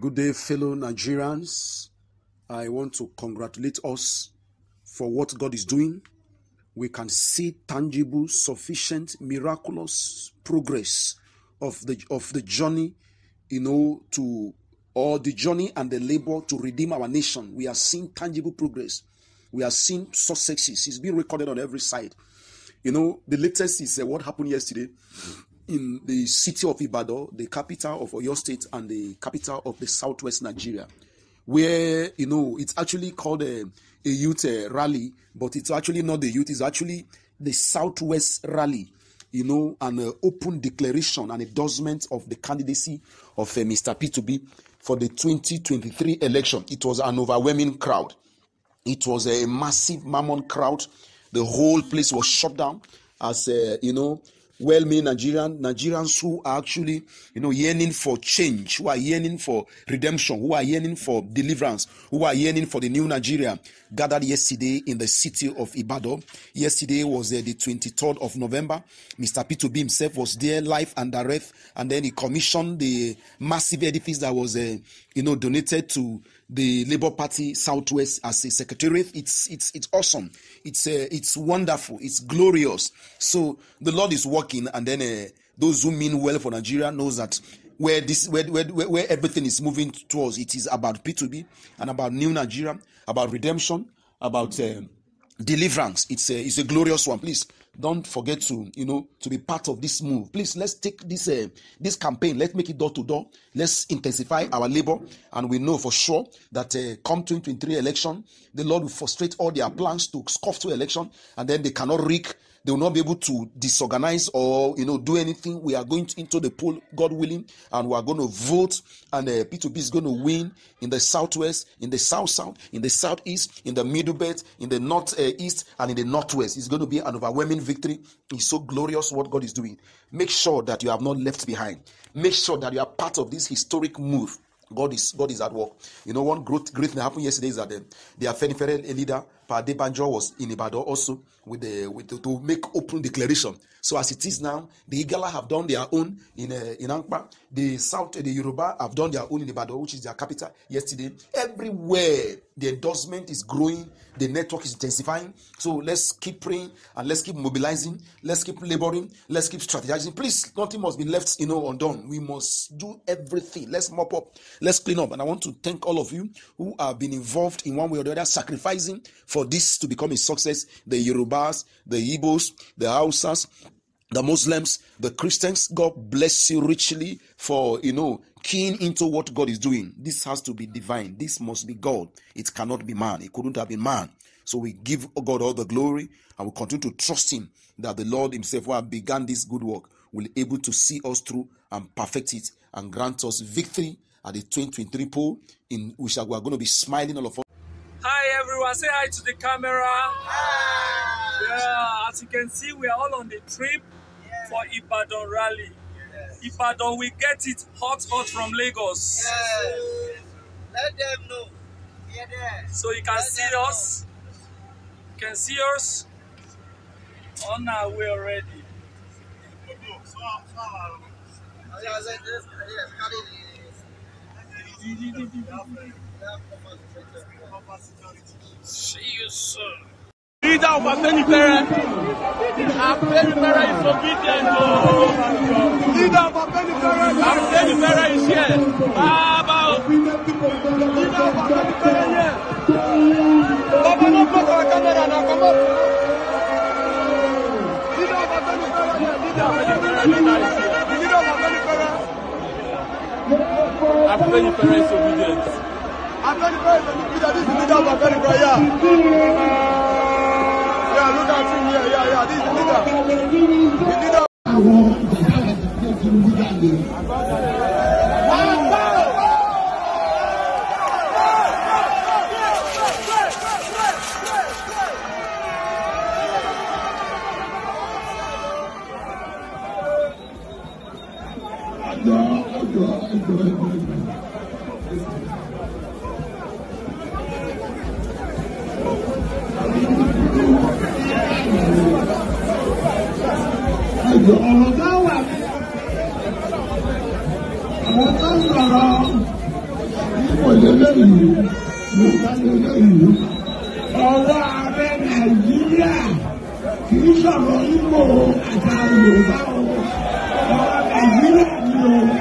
Good day, fellow Nigerians. I want to congratulate us for what God is doing. We can see tangible, sufficient, miraculous progress of the of the journey, you know, to or the journey and the labor to redeem our nation. We are seeing tangible progress. We are seeing successes. It's being recorded on every side. You know, the latest is uh, what happened yesterday in the city of Ibadan, the capital of Oyo State and the capital of the southwest Nigeria, where you know it's actually called a, a youth uh, rally, but it's actually not the youth; it's actually the southwest rally. You know, an uh, open declaration and endorsement of the candidacy of uh, Mr. P2B for the 2023 election. It was an overwhelming crowd. It was a massive Mammon crowd. The whole place was shut down as eh, you know well-meaning Nigerian Nigerians who are actually, you know, yearning for change, who are yearning for redemption, who are yearning for deliverance, who are yearning for the new Nigeria, gathered yesterday in the city of Ibadan. Yesterday was uh, the 23rd of November. Mr. P2B himself was there, live and direct, and then he commissioned the massive edifice that was uh, you know, donated to the Labour Party Southwest as a secretariat. It's it's it's awesome. It's uh, it's wonderful. It's glorious. So the Lord is working, and then uh, those who mean well for Nigeria knows that where this where, where, where everything is moving towards, it is about P2B and about new Nigeria, about redemption, about. Uh, deliverance it's a it's a glorious one please don't forget to you know to be part of this move please let's take this uh, this campaign let's make it door to door let's intensify our labor and we know for sure that uh, come 2023 election the lord will frustrate all their plans to scoff to election and then they cannot wreak they will not be able to disorganize or you know do anything. We are going to, into the poll, God willing, and we are going to vote. And uh, P2P is going to win in the southwest, in the south south, in the southeast, in the middle belt, in the north uh, east, and in the northwest. It's going to be an overwhelming victory. It's so glorious what God is doing. Make sure that you have not left behind. Make sure that you are part of this historic move. God is God is at work. You know, one great great thing happened yesterday is that the, um, the Afenifere leader Banjo was in Ibadan also with the with the, to make open declaration. So as it is now, the Igala have done their own in uh, in Ankpa. The South, eh, the Yoruba have done their own in Ibadan, which is their capital. Yesterday, everywhere the endorsement is growing, the network is intensifying. So let's keep praying and let's keep mobilizing. Let's keep laboring. Let's keep strategizing. Please, nothing must be left you know undone. We must do everything. Let's mop up. Let's clean up. And I want to thank all of you who have been involved in one way or the other, sacrificing for for this to become a success, the Yorubas, the Igbos, the Hausas, the Muslims, the Christians, God bless you richly for, you know, keying into what God is doing. This has to be divine. This must be God. It cannot be man. It couldn't have been man. So we give God all the glory and we continue to trust Him that the Lord Himself, who have begun this good work, will be able to see us through and perfect it and grant us victory at the 2023 poll. In which we are going to be smiling all of us. Hi everyone, say hi to the camera. Hi. Yeah, as you can see, we are all on the trip yes. for Ibadan rally. Yes. Ibadan, we get it hot, hot from Lagos. Yes. Let them know. there, so you can Let see us. Know. You can see us on our way already. See you soon. Leader of Afeni Pere. Afeni Pere is obedient. Oh. Leader of Afeni Pere. Afeni Pere is here. Baba. Oh. Leader of Afeni Pere here. Baba, no put our camera now. Come up. Leader of Afeni Pere here. Leader of is here. Leader of Afeni Pere. Afeni Pere is obedient. Afenifere is a this leader of Afenifere, yeah. Yeah, look at him here, yeah, yeah, this is the leader. The leader. And you you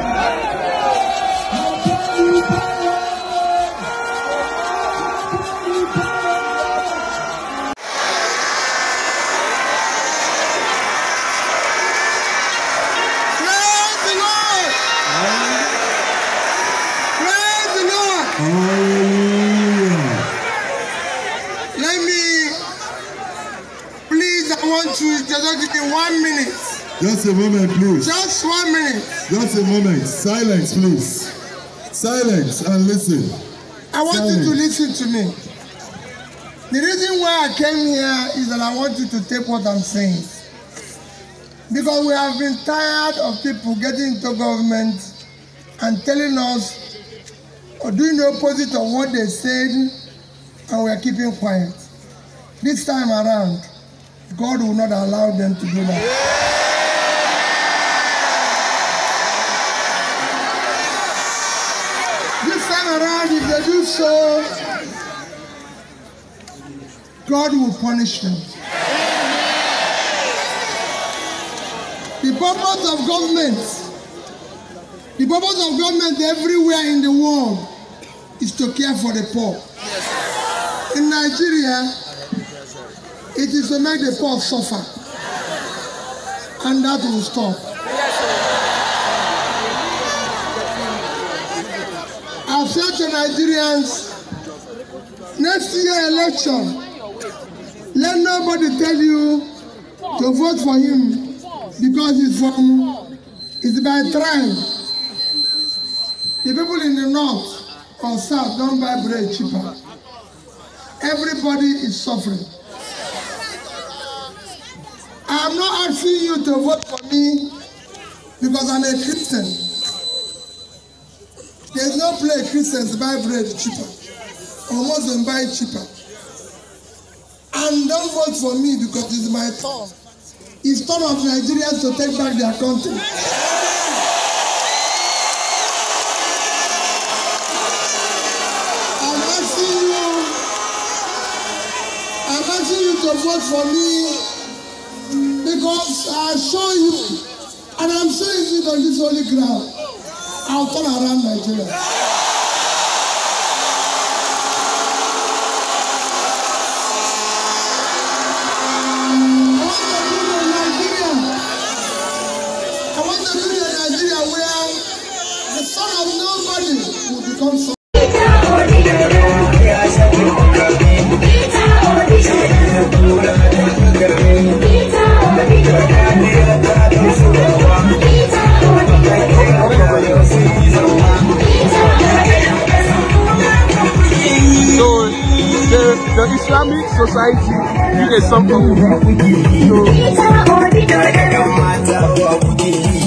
Let me, please, I want to just give me one minute. Just a moment, please. Just one minute. Just a moment. Silence, please. Silence and listen. I want Silence. you to listen to me. The reason why I came here is that I want you to take what I'm saying. Because we have been tired of people getting into government and telling us or doing the opposite of what they said, and we are keeping quiet. This time around, God will not allow them to do that. Yeah. so, God will punish them. The purpose of government, the purpose of government everywhere in the world is to care for the poor. In Nigeria, it is to make the poor suffer. And that will stop. say to Nigerians, next year election, let nobody tell you to vote for him because he's from, he's by tribe. The people in the north or south don't buy bread cheaper. Everybody is suffering. I'm not asking you to vote for me because I'm a Christian. There is no place Christians buy bread cheaper or Muslims buy cheaper. And don't vote for me because it's my turn. It's turn of Nigerians to take back their country. I'm asking you, I'm asking you to vote for me because I show you, and I'm showing it on this holy ground. I'll turn around Nigeria. I want to live in Nigeria where the son of nobody will become son. Thank you. like you, you get something. So,